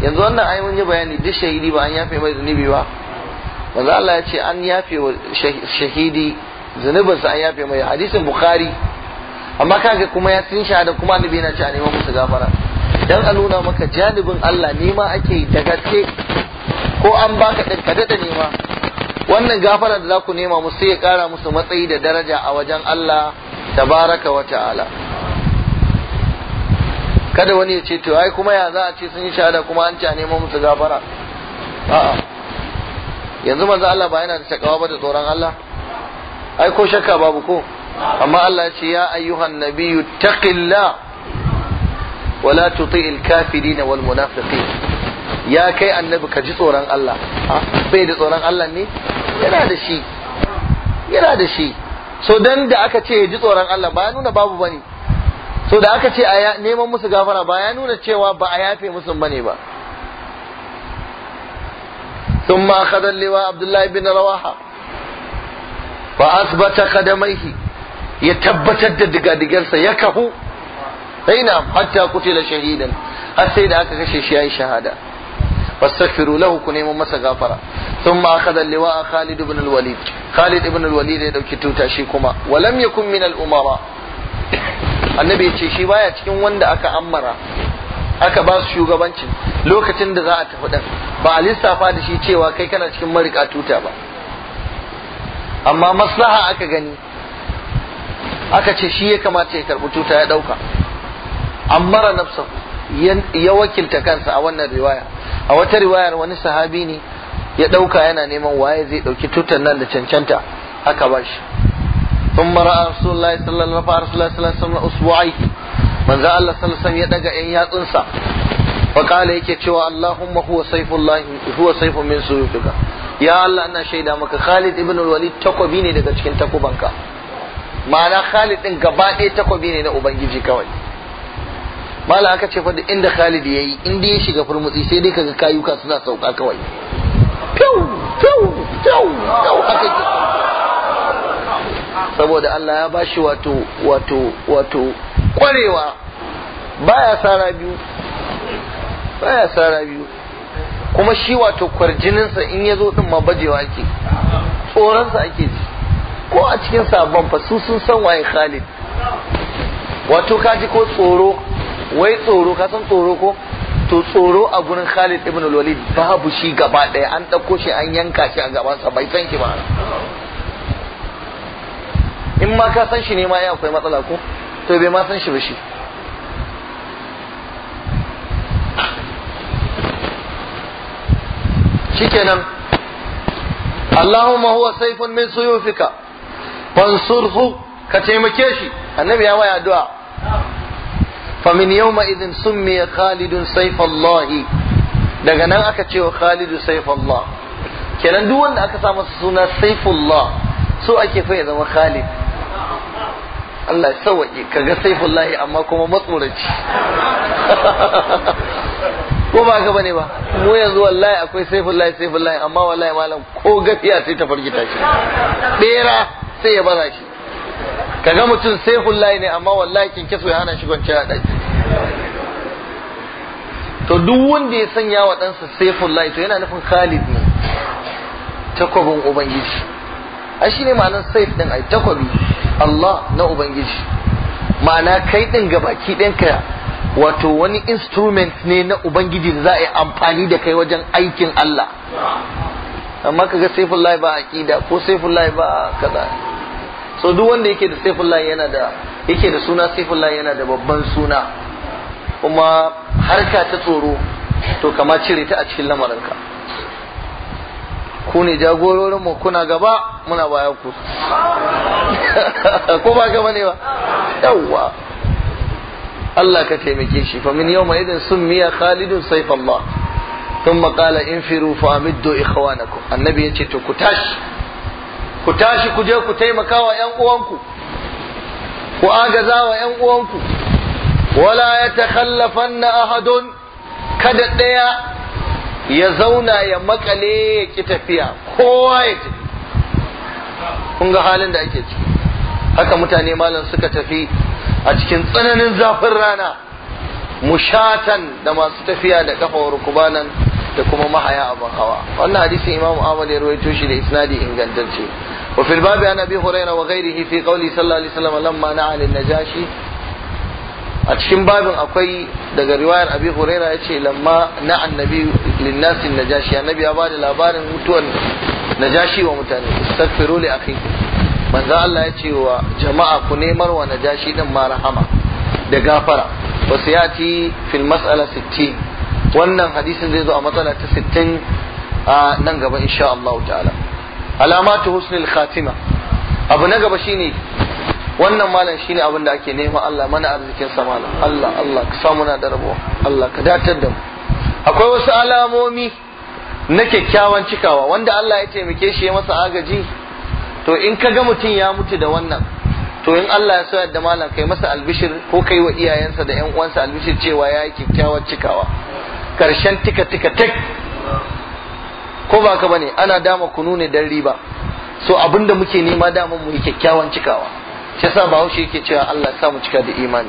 A: yanzu wannan ai mun yi bayani duk shahidi ba an yafe mai zunubi ba manzo Allah ya ce an yafe wa shahidi zunubin sa an yafe mai hadisin bukhari amma kage kuma ya sun da kuma annabi yana ce a neman musu gafara dan a nuna maka janibin Allah nema ake da gaske ko an baka dinka da dada nema wannan gafara da za ku nema musu ya kara musu matsayi da daraja a wajen Allah baraka wa ta'ala kada wani ya ce to ai kuma ya za a ce sun yi shahada kuma an ca a neman musu gafara a'a yanzu manzo Allah ba yana da takawa ba da tsoron Allah ai ko shakka babu ko amma Allah ya ce ya ayyuhan nabiyyu taqillah wala tuti'il kafirin wal munafiqin ya kai annabi ka ji tsoron Allah bai da tsoron Allah ne yana da shi yana da shi so dan da aka ce ji tsoron Allah ba ya nuna babu bane so da aka ce a neman musu gafara ba ya nuna cewa ba a yafe musu bane ba ثم أخذ اللواء عبد الله بن رواحة فأثبت قدميه يتبتد دقا دقرسة يكهو أي نعم حتى قتل شهيدا السيد أكا yi شهادة fastaghfiru lahu ku neman masa gafara thumma akhadha liwa'a Khalid ibn al-Walid Khalid ibn al-Walid ya dauki tuta shi kuma walam yakun min annabi ya ce shi baya cikin wanda aka ammara aka ba shugabancin lokacin da za a tafi din ba a lissafa da shi cewa kai kana cikin marika tuta ba amma maslaha aka gani aka ce shi ya kamata ya karɓi tuta ya ɗauka ammara nafsa ya wakilta kansa a wannan riwaya
B: a wata riwayar
A: wani sahabi ne ya ɗauka yana neman waye zai ɗauki tutar nan da cancanta aka ba shi sun mara rasulullahi sallallahu alaihi su usbu'ai manzo Allah sallallahu alaihi ya daga yan yatsunsa wa kala yake cewa Allahumma huwa sayfullahi huwa sayfun min suyutika ya Allah ina shaida maka Khalid ibn al-Walid takobi ne daga cikin takubanka ma'ana Khalid din gaba ɗaya takobi ne na ubangiji kawai mala aka ce fa da inda Khalid yayi inda ya shiga furmutsi sai dai kaga kayuka suna sauka kawai fiu fiu fiu
B: fiu aka ji
A: saboda Allah ya bashi wato wato wato kwarewa baya sara biyu baya sara biyu kuma shi wato kwarjininsa in ya zo din ma bajewa ake tsoronsa ake ji ko a cikin sabon fa su sun san waye Khalid wato kaji ko tsoro wai tsoro ka san tsoro ko to tsoro a gurin Khalid ibn Walid babu shi gaba ɗaya an ɗauko shi an yanka shi a gaban sa bai san shi ba in ma ka san shi ne ma ya akwai matsala ko to bai ma san shi ba shi shikenan Allahumma huwa saifun min suyufika fansurhu ka taimake shi annabi ya waya addu'a famin yau ma'izin sun miya khalidun saifallahi daga nan aka ce wa khalidu saifallah kenan duk wanda aka sa masa suna saifullah so ake fa ya zama khalid Allah ya sauwaƙe kaga saifullahi amma kuma matsoraci ko ba ka bane ba mu yanzu wallahi akwai saifullahi saifullahi amma wallahi malam ko gafiya sai ta fargita shi bera sai ya baza shi kaga mutum sai hullahi ne amma wallahi kinkiso ya hana shi kwanciya a ɗaki to duk wanda ya sanya wa ɗansa saifullahi to yana nufin khalid ne takwabin ubangiji a shi ne ma'anar sai ɗin ai takwabi allah na ubangiji ma'ana kai ɗin gabaki ɗinka wato wani instrument ne na ubangiji da za a yi amfani da kai wajen aikin allah amma kaga saifullahi ba ƙida ko saifullahi ba kaza so duk wanda yake da saifullah yana da yake da suna saifullah yana da babban suna kuma harka ta tsoro
B: to kama cire ta
A: a cikin lamarinka ku ne jagororin mu kuna gaba muna bayan ku ko ba gaba ne ba yawwa Allah ka taimake shi fa min yawma sun summiya khalidun sayfallah thumma qala infiru fa amiddu ikhwanakum annabi yace to ku tashi ku tashi ku je ku taimaka wa ‘yan uwanku, ku agaza wa ‘yan uwanku, wala ya takhallafan na ahadun kada ɗaya ya zauna ya makale ya ki tafiya, kowa ya Kun ga halin da ake ciki, haka mutane malam suka tafi a cikin tsananin zafin rana, mushatan da masu tafiya da ƙafa kubanan da kuma mahaya abin hawa. Wannan hadisin Imam Ahmad ya ruwaito shi da isnadi ingantacce. وفي الباب عن ابي هريره وغيره في قوله صلى الله عليه وسلم لما نعى للنجاشي a cikin babin akwai daga riwayar هريره huraira ya ce lamma na annabi النبي najashi annabi ya نجاشي labarin mutuwar najashi wa mutane istaghfiru li akhi manzo Allah ya ce wa jama'a ku nemar wa najashi din ma rahama da gafara wa sayati fil mas'ala 60 wannan hadisin zai zo a matsala ta 60 a nan gaba insha Allah ta'ala alamatu husnul khatima abu na gaba shine wannan malam shine abin da ake nema Allah mana arzikin sa malam Allah Allah ka samu na da Allah ka datar da mu akwai wasu alamomi
B: na kyakkyawan
A: cikawa wanda Allah ya taimake shi ya masa agaji to in ka ga mutum ya mutu da wannan to in Allah ya so da malam kai masa albishir ko kai wa iyayensa da ƴan uwansa albishir cewa ya yi kyakkyawar cikawa karshen tika tika tek ko ba ka bane ana dama ku ne dan riba so abinda muke nema dama mu yi kyakkyawan cikawa shi yasa haushi yake cewa Allah sa mu cika da imani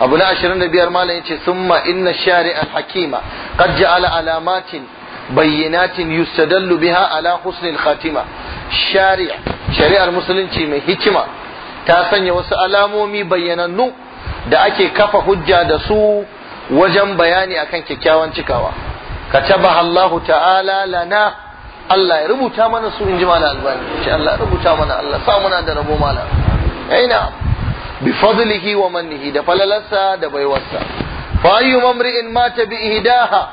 A: abu na 25 malam yace summa inna shari'a hakima qad ja'ala alamatin bayyinatin yustadallu biha ala husnil khatima shari'a shari'ar musulunci mai hikima ta sanya wasu alamomi bayyanannu da ake kafa hujja da su wajen bayani akan kyakkyawan cikawa katabaha Allah ta'ala lana Allah ya rubuta mana su inji mala albani ce Allah ya rubuta mana Allah sa da rabo mala aina eh, bi fadlihi wa mannihi da falalarsa da baiwarsa fa ayyu mamri'in mata bi ihdaha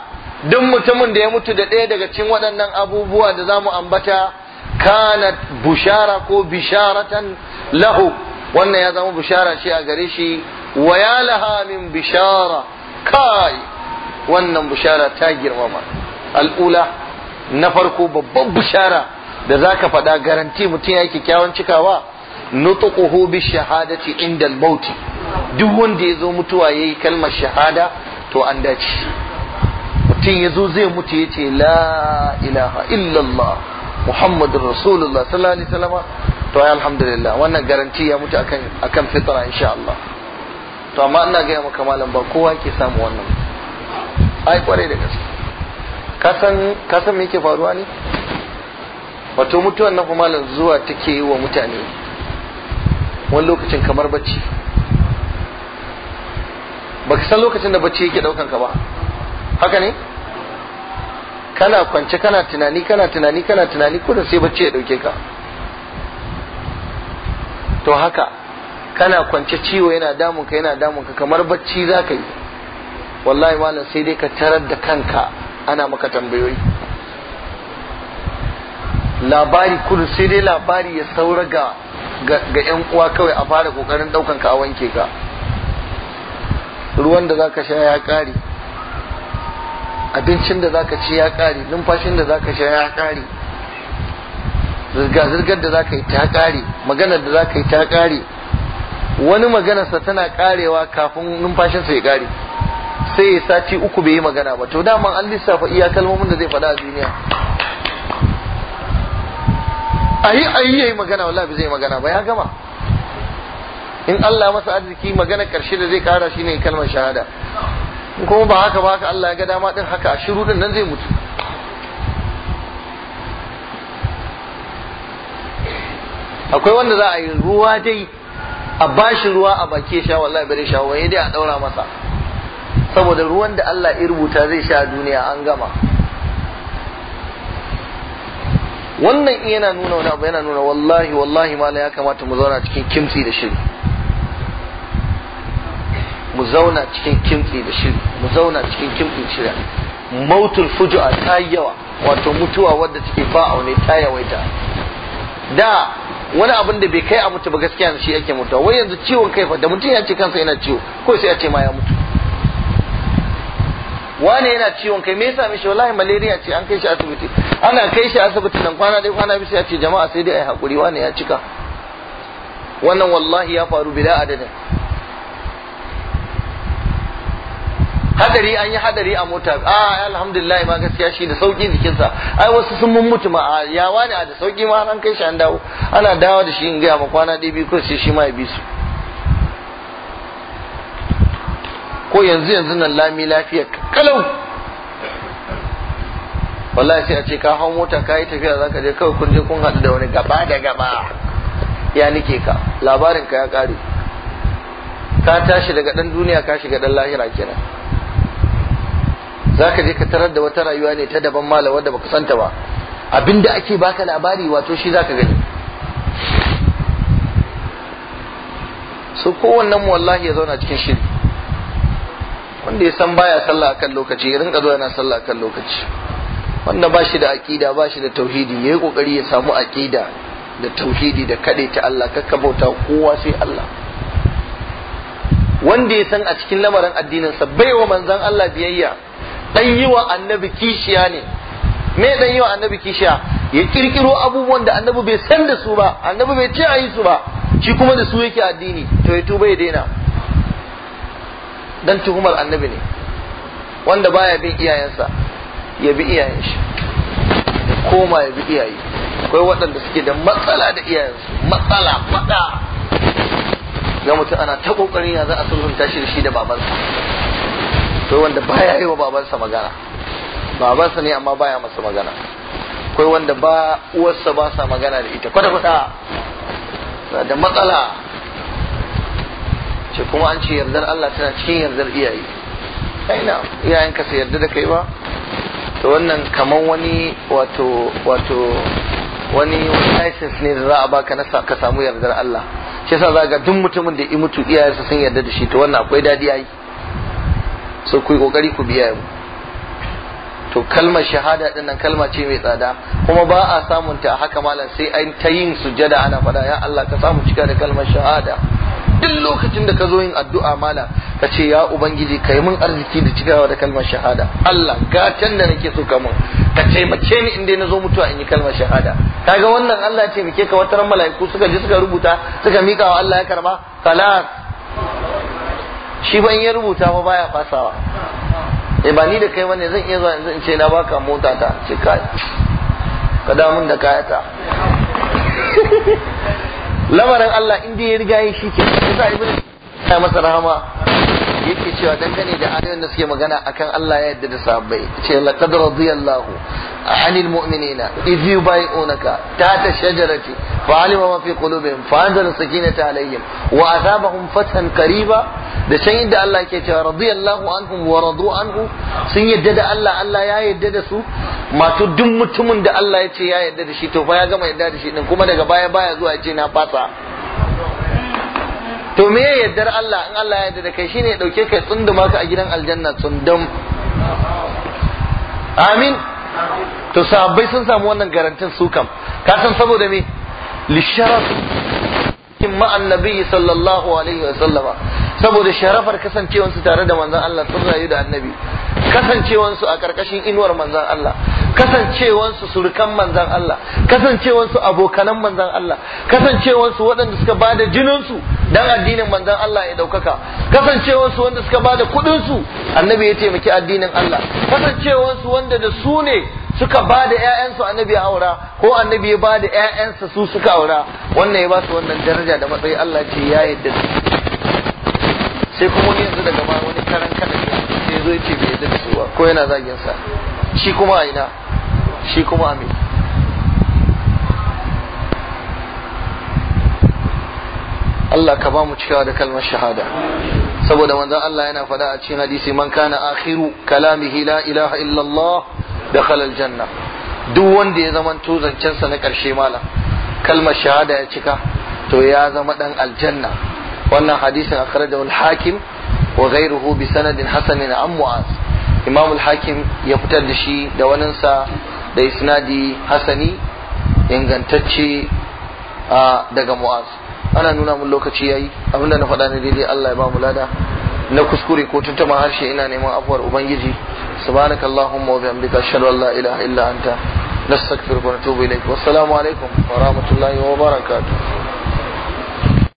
A: duk mutumin da ya mutu da ɗaya daga cikin waɗannan abubuwa da zamu ambata kana bushara ko bisharatan lahu wannan ya zama bushara shi a gare shi wa ya laha min bishara kai wannan bushara ta girmama al'ula na farko babban bushara da za ka faɗa garanti mutum ya yi kyakkyawan cikawa nutuquhu bi shahadati inda al-mauti duk wanda ya zo mutuwa ya yi kalmar shahada to an dace mutum ya zo zai mutu ya ce la ilaha illallah muhammadur rasulullah sallallahu alaihi wasallam to ai alhamdulillah wannan garanti ya mutu akan akan fitra insha Allah to amma ina ga maka malam ba kowa ke samu wannan ai kwarai da gaske kasan kasan me yake faruwa ne wato mutuwan nan kuma zuwa take yi wa mutane wani lokacin kamar bacci baka san lokacin da bacci yake daukan ka ba haka ne kana kwance kana tunani kana tunani kana tunani ko da sai bacci ya dauke ka to haka kana kwance ciwo yana damun ka yana damun ka kamar bacci za ka yi wallahi malam sai dai ka tarar da kanka ana maka tambayoyi labari kudu sai dai labari ya saura ga ga yan uwa kawai a fara kokarin daukan ka a wanke ka ruwan da zaka sha ya kare abincin da zaka ci ya kare numfashin da zaka sha ya kare zirga-zirgar da zaka yi ta kare maganar da zaka yi ta kare wani maganarsa tana karewa kafin numfashinsa ya kare sai ya sati uku bai yi magana ba to daman an lissafa iya kalmomin da zai faɗa a duniya ayi ayi yayi magana wallahi bai zai magana ba ya gama in Allah masa arziki magana karshe da zai kara shine kalmar shahada in kuma ba haka ba haka Allah ya ga dama din haka a shiru din nan zai mutu akwai wanda za a yi ruwa dai a bashi ruwa a baki sha wallahi bare sha dai a daura masa saboda ruwan da Allah ya rubuta zai sha duniya an gama wannan iya yana nuna wani abu yana nuna wallahi wallahi mala ya kamata mu zauna cikin kimtsi da shiri mu zauna cikin kimtsi da shiri mu zauna cikin kimtsi da shiri mautul fujua ta yawa wato mutuwa wadda take ba aune ta yawaita da wani abin da bai kai a mutu ba gaskiya shi yake mutuwa wai yanzu ciwon kai fa da mutum ya ce kansa yana ciwo ko sai a ce ma ya mutu wane yana ciwon kai me yasa mishi wallahi malaria ce an kai shi asibiti ana kai shi asibiti nan kwana dai kwana bisa ce jama'a sai dai ai hakuri wane ya cika wannan wallahi ya faru bila adadin hadari an yi hadari a mota a alhamdulillah ma gaskiya shi da sauki jikinsa ai wasu sun mun mutu ma ya ne a da sauki ma an kai shi an dawo ana dawo da shi in gaya ma kwana ɗaya biyu ko sai shi ma ya bi su ko yanzu yanzu nan lami lafiya kalau wallahi sai a ce ka hau mota ka yi tafiya zaka je kawai kun je kun haɗu da wani gaba da gaba ya nike ka labarin ka ya ƙare ka tashi daga ɗan duniya ka shiga ɗan lahira kenan zaka je ka tarar da wata rayuwa ne ta daban mala wadda baka santa ba abinda ake baka labari wato shi zaka gani su kowannen wallahi ya zauna cikin shiri wanda ya san baya sallah akan lokaci ya rinka zuwa yana sallah akan lokaci wanda ba shi da aqida ba shi da tauhidi yayi kokari ya samu aqida da tauhidi da kade ta Allah kakka bauta kowa sai Allah wanda ya san a cikin lamarin addinin sa bai wa manzon Allah biyayya dan yi wa annabi kishiya ne me dan yi wa annabi kishiya ya kirkiro abubuwan da annabi bai san da su ba annabi bai ce a yi su ba shi kuma da su yake addini to ya tuba ya daina dan tuhumar annabi ne wanda baya bin iyayensa ya bi iyayen shi koma ya bi iyaye akwai waɗanda suke da matsala da iyayensu matsala faɗa ga mutum ana ta ƙoƙarin ya za a sulhunta shi da shi da babansa akwai wanda baya yi wa babansa magana babansa ne amma baya masa magana akwai wanda ba uwarsa ba sa magana da ita kwata-kwata da matsala ce kuma an ce yardar Allah tana cikin yardar iyaye aina iyayen ka su yarda da kai ba to wannan kamar wani wato wato wani license ne da za a baka na ka samu yardar Allah shi yasa za ga duk mutumin da ya mutu iyayensa sun yarda da shi to wannan akwai dadi ai so ku yi kokari ku biya mu to kalmar shahada din nan kalma ce mai tsada kuma ba a samun ta haka malam sai an ta yin sujada ana fada ya Allah ka samu cika da kalmar shahada duk lokacin da ka zo yin addu'a mala ka ce ya ubangiji ka yi min arziki da cigaba da kalmar shahada Allah gatan da nake so ka mun ka taimake ni inda na zo mutuwa in yi kalmar shahada kaga wannan Allah ya taimake ka wata ran mala'iku suka ji suka rubuta suka mika wa Allah ya karba salat shi ban ya rubuta ba baya fasawa eh ba ni da kai bane zan iya zuwa yanzu in ce na baka mota ta ce kai. ka da mun da kayata lamarin Allah in dai ya riga ya shi ke yasa ibnu sai masa rahama yake cewa dangane da ayoyin da suke magana akan Allah ya yarda da sahabbai ce laqad radiyallahu anil mu'minina idh yubay'unaka ta shajarati fa'alima ma fi qulubihim anzala sakinata alayhim wa athabahum fathan qariba da can inda Allah yake cewa radiyallahu anhum wa radu anhu sun yadda da Allah Allah ya yarda da su to duk mutumin da Allah ya ce ya yarda da shi to fa ya gama yarda da shi din kuma daga baya baya zuwa ya ce na fasa to me yaddar Allah in Allah ya yarda da kai shine ya dauke kai tsunduma ka a gidan aljanna tsundum amin to sahabbai sun samu wannan garantin su kam ka san saboda me lisharaf مع النبي sallallahu alaihi wa sallama. saboda sharafar kasancewansu tare da manzon Allah sun rayu da annabi kasancewansu a ƙarƙashin inuwar manzan Allah kasancewansu surukan manzan Allah kasancewansu abokanan manzan Allah kasancewansu waɗanda suka ba da jininsu don addinin manzan Allah ya ɗaukaka kasancewansu wanda suka ba da kuɗinsu annabi ya taimaki addinin Allah kasancewansu wanda da su ne suka ba da ‘ya'yansu annabi ya aura ko annabi ya ba da ‘ya'yansa su suka aura wannan ya ba su wannan daraja da matsayi Allah ce ya yadda su sai kuma wani yanzu daga ma wani karan kada ya zo ya ce bai yadda da su ba ko yana zagin sa shi kuma a ina shi kuma a me Allah ka ba mu cikawa da kalmar shahada saboda manzon Allah yana faɗa a cikin hadisi man kana akhiru kalamihi la ilaha illallah dakhala aljanna duk wanda ya zama to sa na karshe malam kalmar shahada ya cika to ya zama dan aljanna wannan hadisin akhrajahu al-hakim wa ghayruhu bi sanadin hasanin an mu'az imam al-hakim ya fitar da shi da waninsa da isnadi hasani ingantacce daga mu'az ana nuna mun lokaci yayi abinda na faɗa ne daidai Allah ya lada na kuskure ko tuntuma harshe ina neman afuwar ubangiji subhanakallahumma wa bihamdika ashhadu an la ilaha illa anta نستغفرك
B: ونتوب إليك والسلام عليكم ورحمة الله وبركاته